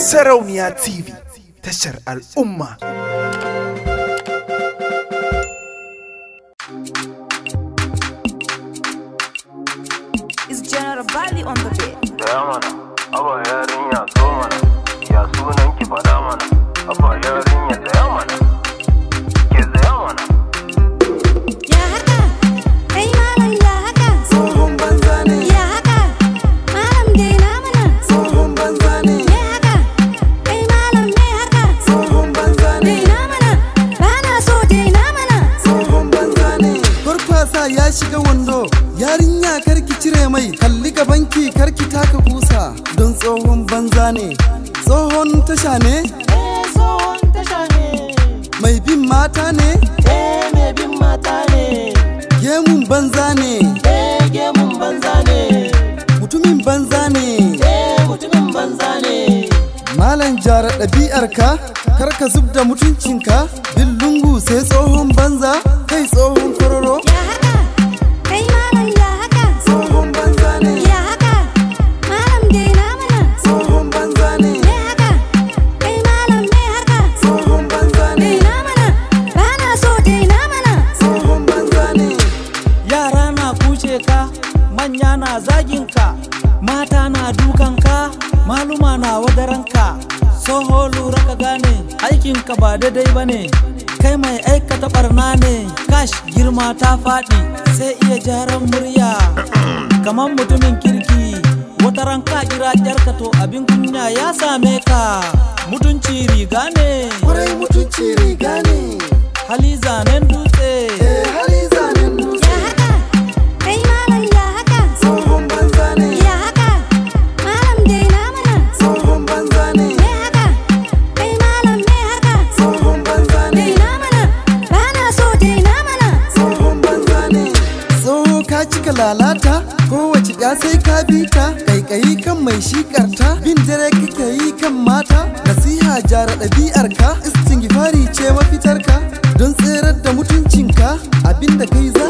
Sarauniya TV tashar al'umma. Is General Bali on the bed? Yeah, man. shiga wando yarinya karki cire mai kalli banki karki taka kusa don tsohon banza ne tsohon tasha ne eh, mai bin mata ne eh, mai bin mata ne gemun banza ne eh, gemun banza ne mutumin banza ne mutumin banza ne malam karka zub da mutuncinka bin lungu sai tsohon banza kai tsohon kororo na ka mata na dukanka maluma na wadaranka soho lura ka gane aikinka ba daidai ba ne kai mai aikata barna ne kash girma ta faɗi sai iya jaran murya kamar mutumin kirki wata ranka kira yarka to abin kunya ya same ka mutunci riga ne mutunci riga ne hali zanen lalata kowace ya sai ka bi ta kaikayi kan mai shikarta bin dare kake yi kan mata nasiha jara ɗabi'arka istingifari ce mafitarka don tserar da mutuncinka abinda kai za